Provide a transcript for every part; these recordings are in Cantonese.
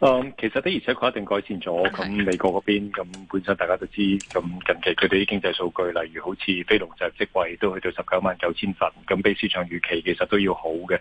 嗯、其實的而且確一定改善咗。咁美國嗰邊，咁本身大家都知，咁近期佢哋啲經濟數據，例如好似非農就職位都去到十九萬九千份，咁比市場預期其實都要好嘅。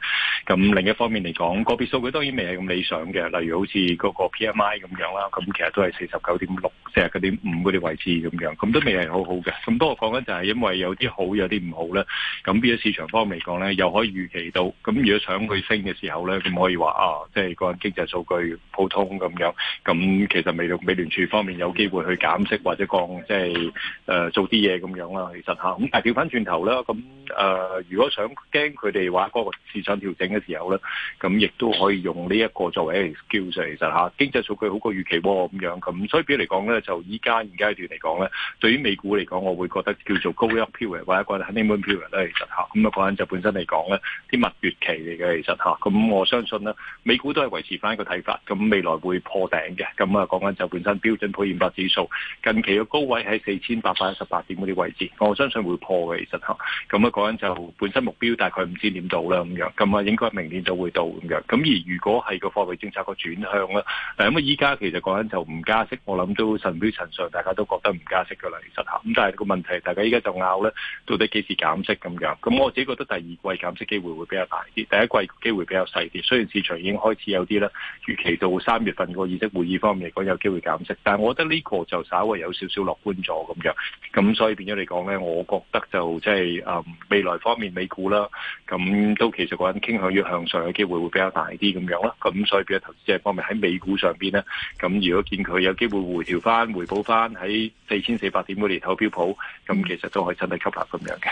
咁另一方面嚟講，個別數據當然未係咁理想嘅，例如好似嗰個 PMI 咁樣啦，咁其實都係四十九點六四十九點五嗰啲位置咁樣，咁都未係好好嘅。咁不過講緊就係因為有啲好，有啲唔好啦。咁變咗市場方面嚟講呢，又可以預期到，咁如果想佢升嘅時候呢，咁可以話啊，即係個人經濟數據通咁樣，咁其實未到，美聯儲方面有機會去減息或者講、就是，即係誒做啲嘢咁樣啦。其實吓，咁但係調翻轉頭啦。咁誒、呃、如果想驚佢哋話嗰個市場調整嘅時候咧，咁亦都可以用呢一個作為 skill，其實吓，經濟數據好過預期咁樣，咁所以譬如嚟講咧，就依家現階段嚟講咧，對於美股嚟講，我會覺得叫做高 yield 或者一個 honeymoon 其實吓，咁啊陣就本身嚟講咧，啲蜜月期嚟嘅，其實吓，咁我相信咧，美股都係維持翻一個睇法咁。未來會破頂嘅，咁啊講緊就本身標準普爾五百指數近期嘅高位喺四千八百一十八點嗰啲位置，我相信會破嘅。其實吓，咁啊講緊就本身目標大概唔知點到啦，咁樣咁啊，應該明年就會到咁樣。咁而如果係個貨幣政策個轉向啦，咁啊，依家其實講緊就唔加息，我諗都神乎神上，大家都覺得唔加息噶啦。其實吓，咁但係個問題，大家依家就拗咧，到底幾時減息咁樣？咁我自己覺得第二季減息機會會比較大啲，第一季個機會比較細啲。雖然市場已經開始有啲咧預期到。三月份個議息會議方面嚟講有機會減息，但係我覺得呢個就稍為有少少樂觀咗咁樣，咁所以變咗嚟講咧，我覺得就即係誒未來方面美股啦，咁、嗯、都其實個人傾向於向上嘅機會會比較大啲咁樣啦，咁、嗯、所以變咗投資者方面喺美股上邊咧，咁、嗯、如果見佢有機會回調翻、回補翻喺四千四百點嗰年頭標普，咁、嗯嗯、其實都可以趁低吸納咁樣嘅。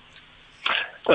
誒，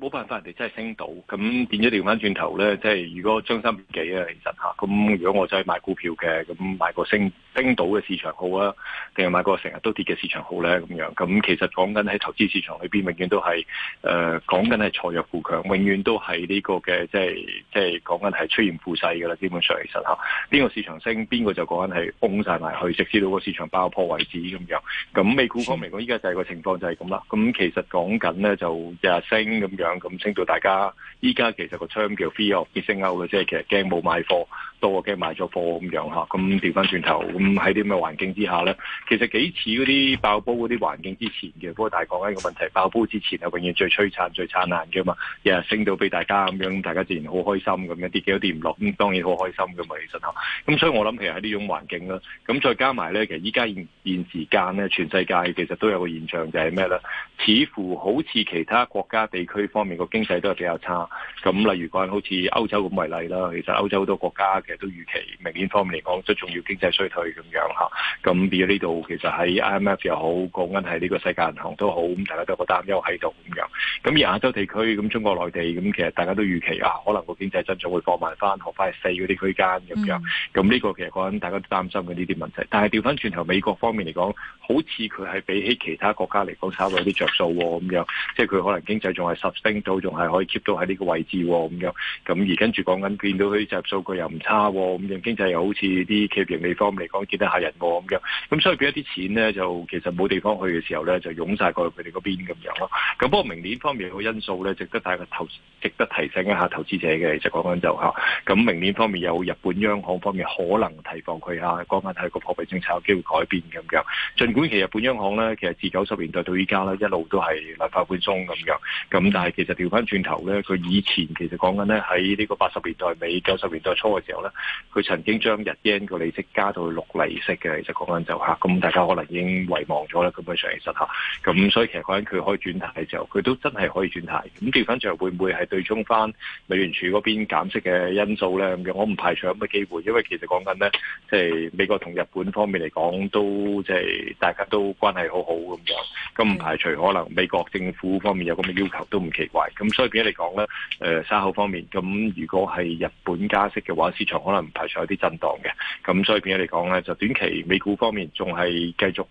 冇，呃、辦法，人哋真係升到，咁變咗調翻轉頭咧，即係如果將心比啊，其實吓，咁如果我真係買股票嘅，咁買個升升到嘅市場好啊，定係買個成日都跌嘅市場好咧？咁樣，咁其實講緊喺投資市場裡邊，裏邊永遠都係誒，講緊係鋤弱扶強，永遠都係呢個嘅，即係即係講緊係出現負勢噶啦。基本上，其實吓，邊個市場升，邊個就講緊係崩晒埋去，直至到個市場爆破為止咁樣。咁美股方面嚟講，我依家就係個情況就係咁啦。咁其實講緊咧，就升咁樣，咁升到大家依家，其實個 term、erm、叫 Fear of Missing Out 嘅，即係其實驚冇買貨。多嘅賣咗貨咁樣嚇，咁調翻轉頭咁喺啲咩環境之下咧，其實幾似嗰啲爆煲嗰啲環境之前嘅，不過大講緊個問題，爆煲之前係永遠最璀璨最燦爛嘅嘛，日日升到俾大家咁樣，大家自然好開心咁樣跌幾多跌唔落，咁當然好開心嘅嘛，其實吓咁所以我諗其實喺呢種環境啦，咁再加埋咧，其實依家現現，現時間咧，全世界其實都有個現象就係咩咧，似乎好似其他國家地區方面個經濟都係比較差，咁例如講好似歐洲咁為例啦，其實歐洲好多國家。其實都預期明年方面嚟講，即係重要經濟衰退咁樣嚇。咁變咗呢度其實喺 IMF 又好，講緊係呢個世界銀行都好，咁大家都有個擔憂喺度咁樣。咁而亞洲地區，咁中國內地，咁其實大家都預期啊，可能個經濟增長會放慢翻，落翻去四嗰啲區間咁樣。咁呢個其實講緊大家都擔心嘅呢啲問題。但係調翻轉頭，美國方面嚟講，好似佢係比起其他國家嚟講，稍微有啲着數喎咁樣。即係佢可能經濟仲係十升到，仲係可以 keep 到喺呢個位置喎咁樣。咁而跟住講緊，見到佢啲入數據又唔差。咁、啊嗯、經濟又好似啲企業盈利方面嚟講見得吓人喎，咁咁所以俾一啲錢呢，就其實冇地方去嘅時候呢，就湧曬過去佢哋嗰邊咁樣咯。咁不過明年方面有個因素呢，值得大家投，值得提醒一下投資者嘅，就講緊就嚇。咁明年方面有日本央行方面可能提防佢嚇，講緊睇個貨幣政策有機會改變咁樣。儘管其實日本央行呢，其實自九十年代到依家呢，一路都係立法寬鬆咁樣，咁但係其實調翻轉頭呢，佢以前其實講緊呢，喺呢個八十年代尾、九十年代初嘅時候呢佢曾經將日 yen 個利息加到六厘息嘅，其實講緊就嚇，咁大家可能已經遺忘咗啦。咁佢上期實嚇，咁所以其實講緊佢可以轉態嘅時候，佢都真係可以轉態。咁調返就係會唔會係對沖翻美聯儲嗰邊減息嘅因素咧？咁我唔排除有咁嘅機會，因為其實講緊咧，即係美國同日本方面嚟講，都即係大家都關係好好咁樣，咁唔排除可能美國政府方面有咁嘅要求都唔奇怪。咁所以變咗嚟講咧，誒沙口方面，咁如果係日本加息嘅話，市場，可能唔排除有啲震盪嘅，咁所以變咗嚟講咧，就短期美股方面仲係繼續。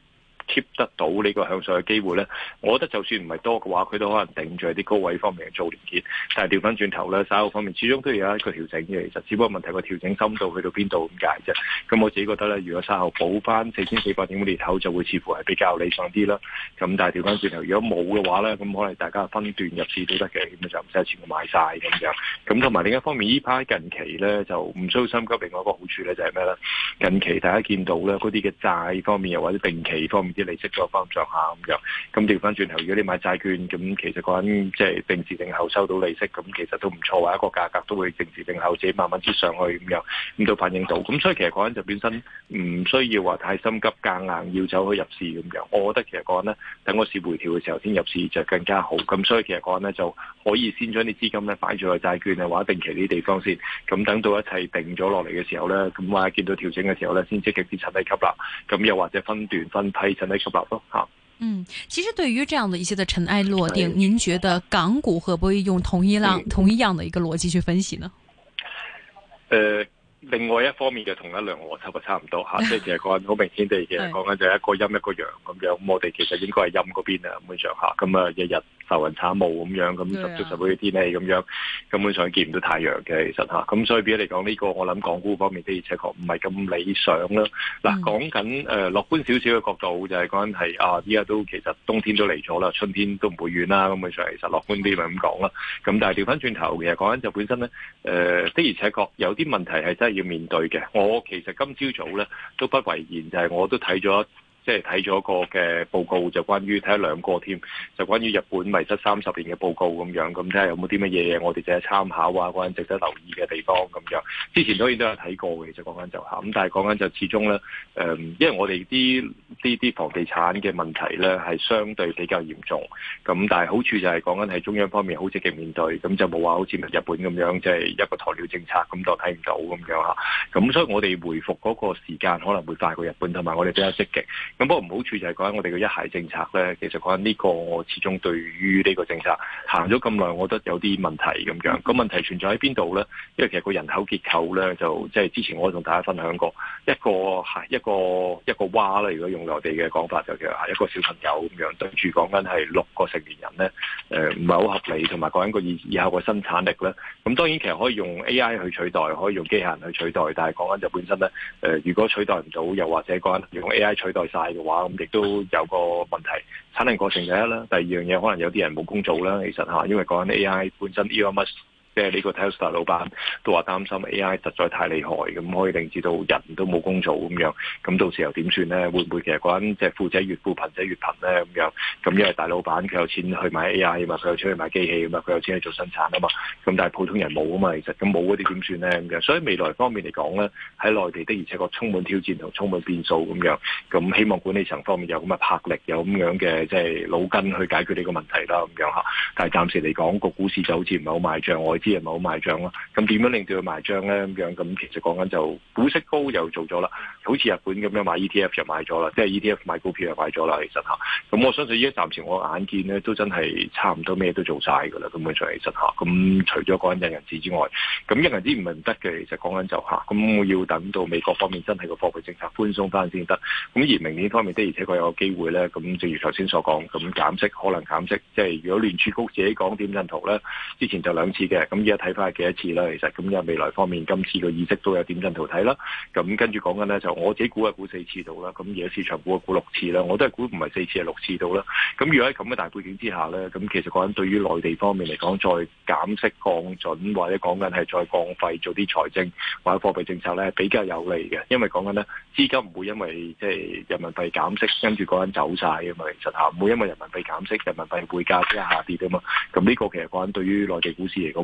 keep 得到呢個向上嘅機會咧，我覺得就算唔係多嘅話，佢都可能頂住喺啲高位方面做連結。但係調翻轉頭咧，稍後方面始終都有一個調整嘅，其實只不過問題個調整深度去到邊度咁解啫。咁我自己覺得咧，如果稍後補翻四千四百點嘅裂口，就會似乎係比較理想啲啦。咁但係調翻轉頭，如果冇嘅話咧，咁可能大家分段入市都得嘅，咁就唔使全部買晒。咁樣。咁同埋另一方面，呢排近期咧就唔需要心急。另外一個好處咧就係咩咧？近期大家見到咧嗰啲嘅債方面又或者定期方面。啲利息嗰個方向下咁樣，咁調翻轉頭，如果你買債券，咁其實講緊即係定時定候收到利息，咁其實都唔錯，話一個價格都會定時定候，自己慢慢之上去咁樣，咁就反映到。咁所以其實講緊就本身唔需要話太心急夾硬，硬要走去入市咁樣。我覺得其實講緊呢，等個市回調嘅時候先入市就更加好。咁所以其實講緊呢，就可以先將啲資金咧擺住去債券啊或者定期呢啲地方先。咁等到一切定咗落嚟嘅時候咧，咁或者見到調整嘅時候咧，先積極啲趁低吸納。咁又或者分段分批嗯，其實對於這樣的一些的塵埃落定，的您覺得港股可唔可以用同一浪、的同一樣的一個邏輯去分析呢？誒、呃，另外一方面就同一輪和差啊差唔多吓， 即係其實講好明顯地嘅，講緊就係一個陰一個陽咁樣，咁、嗯、我哋其實應該係陰嗰邊啊咁嘅上下，咁啊一日。浮雲慘霧咁樣，咁十足十嗰啲天氣咁樣，啊、根本上見唔到太陽嘅，其實嚇，咁所以變咗嚟講呢個，我諗港股方面的而且確唔係咁理想啦。嗱、嗯，講緊誒樂觀少少嘅角度，就係講緊係啊，依家都其實冬天都嚟咗啦，春天都唔會遠啦，根本上其實樂觀啲咪咁講啦。咁、嗯、但係調翻轉頭，其實講緊就本身咧，誒、呃、的而且確有啲問題係真係要面對嘅。我其實今朝早咧都不為然，就係、是、我都睇咗。即係睇咗個嘅報告，就關於睇兩個添，就關於日本迷失三十年嘅報告咁樣，咁睇下有冇啲乜嘢我哋值得參考啊，講緊值得留意嘅地方咁樣。之前當然都有睇過嘅，就講緊就嚇。咁但係講緊就始終咧、嗯，因為我哋啲啲啲房地產嘅問題咧係相對比較嚴重。咁但係好處就係講緊喺中央方面好積極面對，咁就冇話好似日本咁樣即係、就是、一個鴕鳥政策咁就睇唔到咁樣嚇。咁所以我哋回覆嗰個時間可能會快過日本，同埋我哋比較積極。咁不過唔好處就係講緊我哋嘅一孩政策咧，其實講緊呢個我始終對於呢個政策行咗咁耐，我覺得有啲問題咁樣。個問題存在喺邊度咧？因為其實個人口結構咧就即係之前我同大家分享過一個係一個一個娃咧，如果用我哋嘅講法就叫一個小朋友咁樣對住講緊係六個成年人咧，誒，唔係好合理，同埋講緊個以以後嘅生產力咧。咁當然其實可以用 A.I. 去取代，可以用機械人去取代，但係講緊就本身咧、呃，如果取代唔到，又或者講緊用 A.I. 取代晒，係嘅話，咁亦都有個問題，產能過程第一啦，第二樣嘢可能有啲人冇工做啦，其實吓，因為講緊 A I 本身 E M S 即係呢個 Tesla 老闆都話擔心 A.I. 實在太厲害，咁可以令至到人都冇工做咁樣，咁到時候點算咧？會唔會其實嗰陣即係富者越富、貧者越貧咧？咁樣咁因為大老闆佢有錢去買 A.I. 嘛，佢有錢去買機器啊嘛，佢有錢去做生產啊嘛，咁但係普通人冇啊嘛，其實咁冇嗰啲點算咧？咁樣所以未來方面嚟講咧，喺內地的而且確充滿挑戰同充滿變數咁樣，咁希望管理層方面有咁嘅魄力，有咁樣嘅即係腦筋去解決呢個問題啦，咁樣嚇。但係暫時嚟講個股市就好似唔係好賣帳，啲 人咪好賣帳咯，咁點樣令到佢賣帳咧咁樣？咁其實講緊就股息高又做咗啦，好似日本咁樣買 ETF 又買咗啦，即係 ETF 買股票又買咗啦。其實吓，咁我相信依家暫時我眼見咧都真係差唔多咩都做晒㗎啦。咁樣在其實嚇，咁除咗講緊印銀紙之外，咁印銀紙唔係唔得嘅。其實講緊就吓，咁要等到美國方面真係個貨幣政策寬鬆翻先得。咁而明年方面的而且確有個機會咧，咁正如頭先所講，咁減息可能減息。即係如果聯儲局自己講點陣圖咧，之前就兩次嘅咁而家睇翻係幾多次啦？其實咁而家未來方面，今次個意識都有點進圖睇啦。咁跟住講緊咧，就我自己估係估四次度啦。咁而家市場估啊估六次啦。我都係估唔係四次係六次度啦。咁如果喺咁嘅大背景之下咧，咁其實個人對於內地方面嚟講，再減息降準或者講緊係再降費做啲財政或者貨幣政策咧，比較有利嘅，因為講緊咧資金唔會因為即係人民幣減息跟住個人走晒㗎嘛。其實嚇唔會因為人民幣減息，人民幣匯價即係下跌㗎嘛。咁呢個其實個人對於內地股市嚟講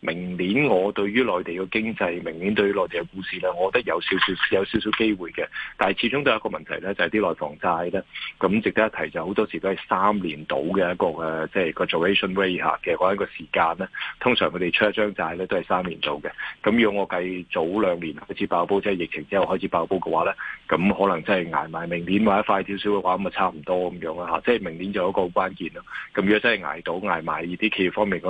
明年我對於內地嘅經濟，明年對於內地嘅股市，咧，我覺得有少少有少少機會嘅。但係始終都有一個問題咧，就係、是、啲內房債咧，咁值得一提就好多時都係三年到嘅一個、呃、即係個 duration rate 吓嘅嗰一個時間咧。通常佢哋出一張債咧都係三年做嘅。咁如果我計早兩年開始爆煲，即係疫情之後開始爆煲嘅話咧，咁可能真係捱埋明年，或者快啲少少嘅話，咁咪差唔多咁樣啦嚇。即係明年就一個好關鍵。咁如果真係捱到捱埋，呢啲企業方面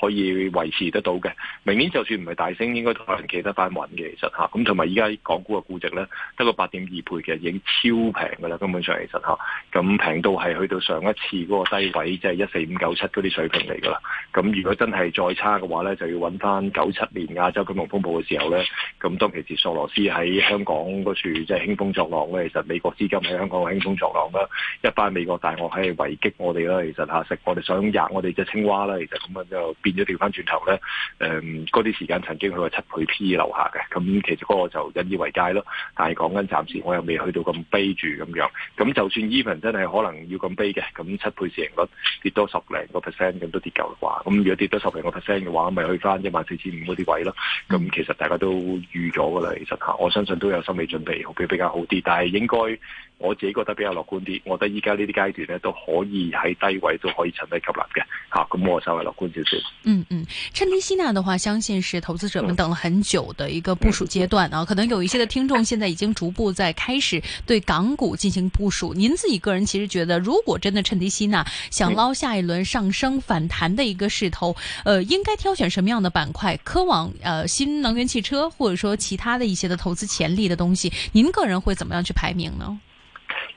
可以維持得到嘅，明年就算唔係大升，應該都可能企得翻穩嘅。其實咁同埋依家港股嘅估值咧，得個八點二倍，其實已經超平㗎啦。根本上其實咁平到係去到上一次嗰個低位，即係一四五九七嗰啲水平嚟㗎啦。咁如果真係再差嘅話咧，就要搵翻九七年亞洲金融風暴嘅時候咧，咁當其時索羅斯喺香港嗰處即係、就是、興風作浪嘅，其實美國資金喺香港興風作浪啦，一班美國大鱷喺圍擊我哋啦，其實嚇、啊、食我哋想入我哋隻青蛙啦，其實咁樣就。變咗調翻轉頭咧，誒嗰啲時間曾經去過七倍 P 以下嘅，咁其實嗰個就引以為戒咯。但係講緊暫時，我又未去到咁悲住咁樣。咁就算 Even 真係可能要咁悲嘅，咁七倍市盈率跌多十零個 percent 咁都跌夠嘅話。咁如果跌多十零個 percent 嘅話，咪去翻一萬四千五嗰啲位咯。咁其實大家都預咗噶啦，其實嚇，我相信都有心理準備，比比較好啲。但係應該。我自己覺得比較樂觀啲，我覺得依家呢啲階段咧都可以喺低位都可以趁低吸納嘅，吓、啊、咁、嗯、我稍微樂觀少少。嗯嗯，趁低吸納的話，相信是投資者們等了很久嘅一個部署階段啊。嗯、可能有一些嘅聽眾現在已經逐步在開始對港股進行部署。您自己個人其實覺得，如果真的趁低吸納，想撈下一輪上升反彈嘅一個勢頭，嗯、呃，應該挑選什麼樣的板塊？科網、呃，新能源汽車，或者說其他的一些嘅投資潛力嘅東西，您個人會怎麼樣去排名呢？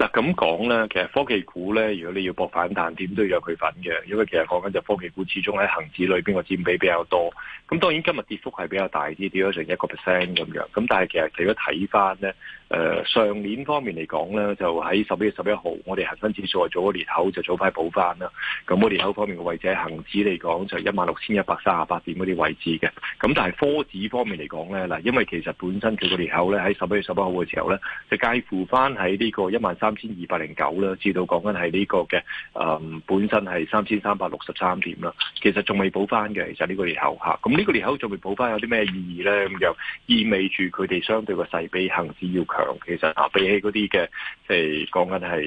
咁講咧，其實科技股咧，如果你要博反彈，點都要有佢份嘅，因為其實講緊就科技股始終喺恒指裏邊個佔比比較多。咁當然今日跌幅係比較大啲，跌咗成一個 percent 咁樣。咁但係其實除咗睇翻咧。誒、呃、上年方面嚟講咧，就喺十一月十一號，我哋恆生指數啊早個裂口就早快補翻啦。咁個裂口方面嘅位置喺恒指嚟講就係一萬六千一百三十八點嗰啲位置嘅。咁但係科指方面嚟講咧，嗱，因為其實本身佢個裂口咧喺十一月十一號嘅時候咧，就介乎翻喺呢個一萬三千二百零九啦，至到講緊係呢個嘅誒、呃、本身係三千三百六十三點啦。其實仲未補翻嘅，其實呢個裂口嚇。咁呢個裂口仲未補翻有啲咩意義咧？咁樣意味住佢哋相對個勢比恒指要強其實啊，比起嗰啲嘅，即係講緊係誒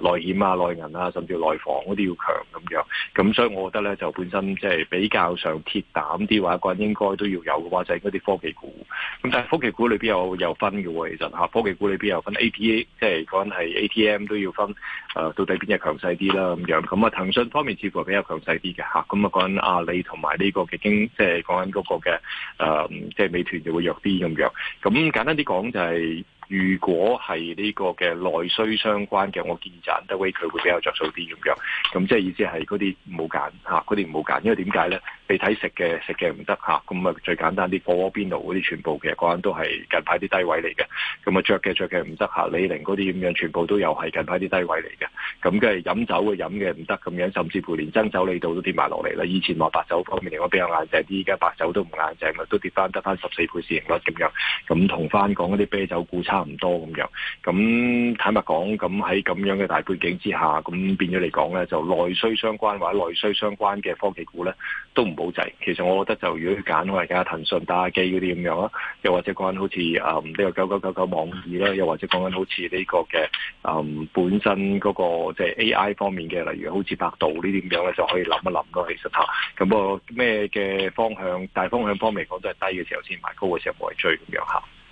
內險啊、內、就、銀、是呃、啊，甚至內房嗰啲要強咁樣，咁所以我覺得咧就本身即係比較上鐵膽啲話，或者一個人應該都要有嘅話，就係嗰啲科技股。咁但係科技股裏邊有有分嘅喎，其實吓科技股裏邊有分 A P A，即係講緊係 A T M 都要分誒、呃，到底邊隻強勢啲啦咁樣。咁啊，騰訊方面似乎係比較強勢啲嘅吓，咁啊講緊阿里同埋呢個嘅、啊、經，即係講緊嗰個嘅誒，即、呃、係、就是、美團就會弱啲咁樣。咁簡單啲講就係、是。如果係呢個嘅內需相關嘅，我建議賺德威佢會比較着數啲咁樣，咁即係意思係嗰啲唔好揀，嗰啲唔好揀，因為點解咧？你睇食嘅食嘅唔得吓，咁啊最簡單啲火鍋邊爐嗰啲全部其實嗰陣都係近排啲低位嚟嘅，咁啊着嘅着嘅唔得吓，李寧嗰啲咁樣全部都又係近排啲低位嚟嘅，咁梗係飲酒嘅飲嘅唔得咁樣，甚至乎連珍酒呢度都跌埋落嚟啦。以前話白酒方面嚟講比較硬淨啲，而家白酒都唔硬淨啦，都跌翻得翻十四倍市盈率咁樣，咁同翻港嗰啲啤酒股差唔多咁樣。咁坦白講，咁喺咁樣嘅大背景之下，咁變咗嚟講咧，就內需相關或者內需相關嘅科技股咧都唔。保值，其實我覺得就如果佢揀，我係揀騰訊打下機嗰啲咁樣啊，又或者講緊好似啊，唔、嗯、知、呢個九九九九網易啦，又或者講緊好似呢、呢個嘅啊、嗯、本身嗰、那個即係、就是、AI 方面嘅，例如好似百度呢啲咁樣咧，就可以諗一諗咯。其實嚇，咁個咩嘅方向大方向方面講都係低嘅時候先買，高嘅時候冇去追咁樣嚇。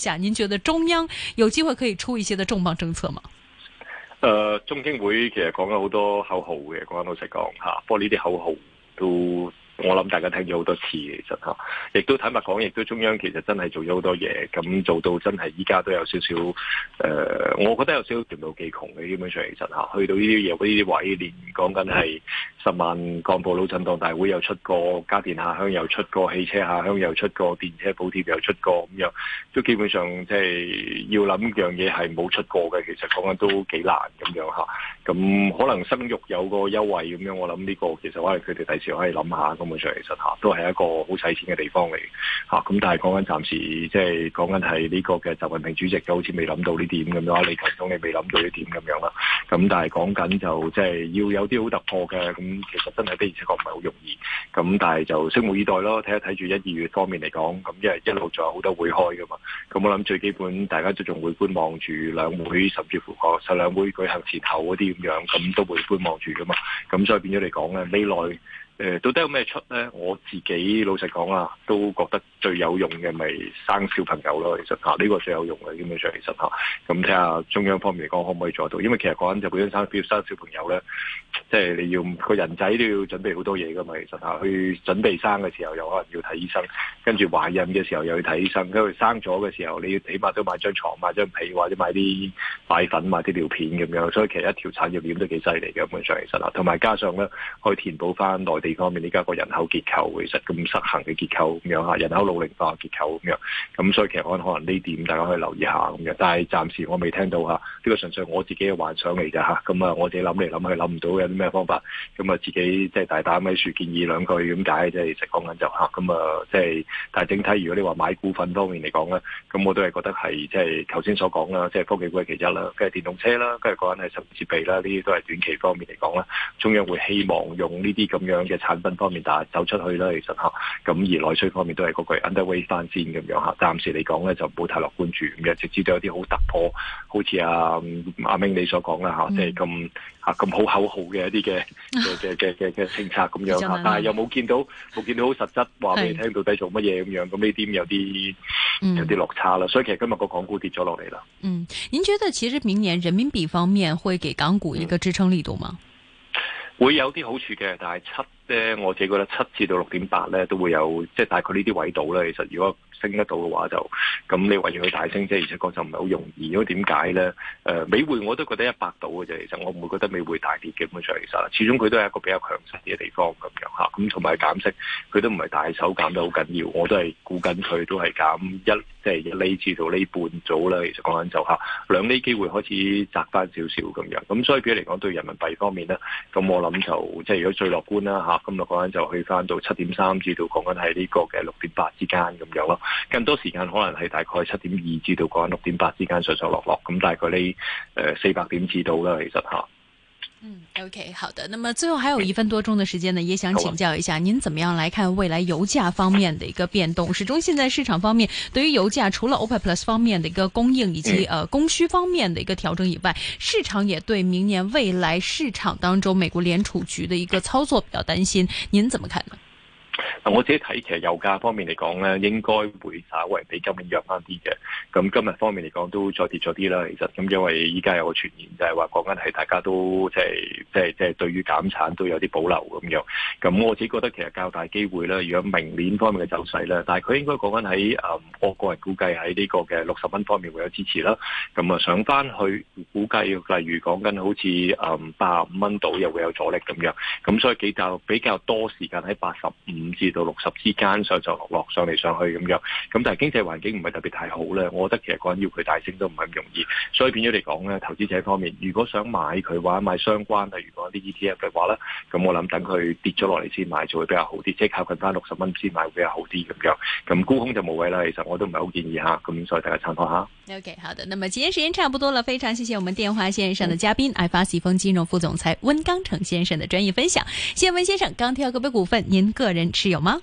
下，您覺得中央有機會可以出一些的重磅政策嗎？誒、呃，中經會其實講咗好多口號嘅，講老實講吓，不過呢啲口號都。我諗大家聽咗好多次，其實亦都坦白講，亦都中央其實真係做咗好多嘢，咁做到真係依家都有少少誒，我覺得有少少電腦幾窮嘅，基本上其實去到呢啲嘢，呢啲位連講緊係十萬幹部老震盪大會又出過，家電下鄉又出過，汽車下鄉又出過，電車補貼又出過咁樣，都基本上即係要諗樣嘢係冇出過嘅，其實講緊都幾難咁樣。咁可能生育有個優惠咁樣，我諗呢個其實我哋佢哋第時可以諗下咁。本上其實嚇都係一個好使錢嘅地方嚟嚇，咁、啊、但係講緊暫時即係講緊係呢個嘅習近平主席就好似未諗到呢點咁樣，李強總理未諗到呢點咁樣啦。咁但係講緊就即係要有啲好突破嘅，咁其實真係的而且確唔係好容易。咁但係就拭目以待咯，睇一睇住一二月方面嚟講，咁因為一路仲有好多會開噶嘛。咁、嗯、我諗最基本大家都仲會觀望住兩會，甚至乎個省兩會舉行前後嗰啲咁樣，咁都會觀望住噶嘛。咁、嗯、所以變咗嚟講咧，未來。誒到底有咩出咧？我自己老實講啊，都覺得最有用嘅咪生小朋友咯。其實嚇，呢個最有用嘅基本上，其實嚇。咁睇下中央方面嚟講，可唔可以做到？因為其實講緊就本身生，生小朋友咧，即係你要個人仔都要準備好多嘢噶嘛。其實嚇，去準備生嘅時候又可能要睇醫生，跟住懷孕嘅時候又要睇醫生，跟住生咗嘅時候你要起碼都買張床、買張被，或者買啲奶粉、買啲尿片咁樣。所以其實一條產業鏈都幾犀利嘅基本上，其實嚇。同埋加上咧，可以填補翻內地。方面，呢家個人口結構其實咁失衡嘅結構咁樣嚇，人口老齡化結構咁樣，咁所以其實可能呢點大家可以留意下咁樣。但係暫時我未聽到嚇，呢個純粹我自己嘅幻想嚟咋嚇。咁啊，我哋諗嚟諗去諗唔到有啲咩方法，咁啊自己即係大膽喺處建議兩句咁解，即係講緊就嚇。咁啊、就是，即係但係整體，如果你話買股份方面嚟講啦，咁我都係覺得係即係頭先所講啦，即、就、係、是、科技股係其一啦，跟住電動車啦，跟住講緊係新設備啦，呢啲都係短期方面嚟講啦，中央會希望用呢啲咁樣嘅。產品方面，但係走出去咧，其實吓，咁而內需方面都係嗰句 underway 翻先咁樣吓。暫時嚟講咧，就冇太樂觀住咁嘅，直至到有啲好突破，好似阿阿明你所講啦吓，即係咁啊咁好口號，嘅一啲嘅嘅嘅嘅嘅政策咁樣，但係又冇見到，冇見到好實質話俾你聽到，到底做乜嘢咁樣，咁呢啲有啲、嗯、有啲落差啦。所以其實今日個港股跌咗落嚟啦。嗯，您覺得其實明年人民幣方面會給港股一個支撐力度嗎？嗯會有啲好處嘅，但係七咧，我自己覺得七至到六點八咧都會有，即係大概呢啲位度啦。其實如果，升得到嘅話就咁，你話要佢大升啫，而且講就唔係好容易，如果點解咧？誒、呃，美匯我都覺得一百度嘅啫，其實我唔會覺得美匯大跌基本上其實始終佢都係一個比較強勢嘅地方咁樣吓，咁同埋減息，佢都唔係大手減得好緊要，我都係估緊佢都係減一，即、就、係、是、一釐至到呢半組啦。其實講緊就吓、啊、兩釐機會開始窄翻少少咁樣，咁、啊、所以譬如嚟講對人民幣方面咧，咁、啊、我諗就即係如果最樂觀啦吓。咁啊講緊就去翻到七點三至到講緊係呢個嘅六點八之間咁樣咯。更多時間可能係大概七點二至到講六點八之間上上落落，咁大概呢四百點至到啦，其實吓。嗯，OK，好的。那麼最後還有一分多鐘的時間呢，也想請教一下您，怎麼樣來看未來油價方面的一個變動？始終現在市場方面對於油價，除了 OPEC Plus 方面的一個供應以及、嗯呃、供需方面的一個調整以外，市場也對明年未來市場當中美國聯儲局的一個操作比較擔心，您怎麼看呢？嗱，我自己睇其實油價方面嚟講咧，應該會稍微比今年弱翻啲嘅。咁今日方面嚟講都再跌咗啲啦。其實咁因為依家有個傳言就係話講緊係大家都即係即係即係對於減產都有啲保留咁樣。咁我自己覺得其實較大機會啦，如果明年方面嘅走勢咧，但係佢應該講緊喺誒，我個人估計喺呢個嘅六十蚊方面會有支持啦。咁啊上翻去估計，例如講緊好似誒八十五蚊度又會有阻力咁樣。咁所以比較比較多時間喺八十五，至到六十之間，所以就落,落上嚟上去咁樣，咁但係經濟環境唔係特別太好咧，我覺得其實個人要佢大升都唔係咁容易，所以變咗嚟講咧，投資者方面如果想買佢話，買相關例如果啲 E T F 嘅話咧，咁我諗等佢跌咗落嚟先買就會比較好啲，即係靠近翻六十蚊先買會比較好啲咁樣，咁沽空就冇位啦。其實我都唔係好建議吓，咁所以大家參考下。OK，好的，那麼今天時間差不多了，非常謝謝我們電話線上的嘉賓 F S 峰、嗯、金融副總裁溫鋼城先生的專業分享，謝温先生。鋼鐵股份，您個人持？有嗎？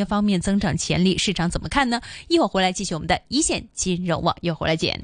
方面增長潛力，市場怎麼看呢？一會兒回來繼續我們的一線金融網，又回來見。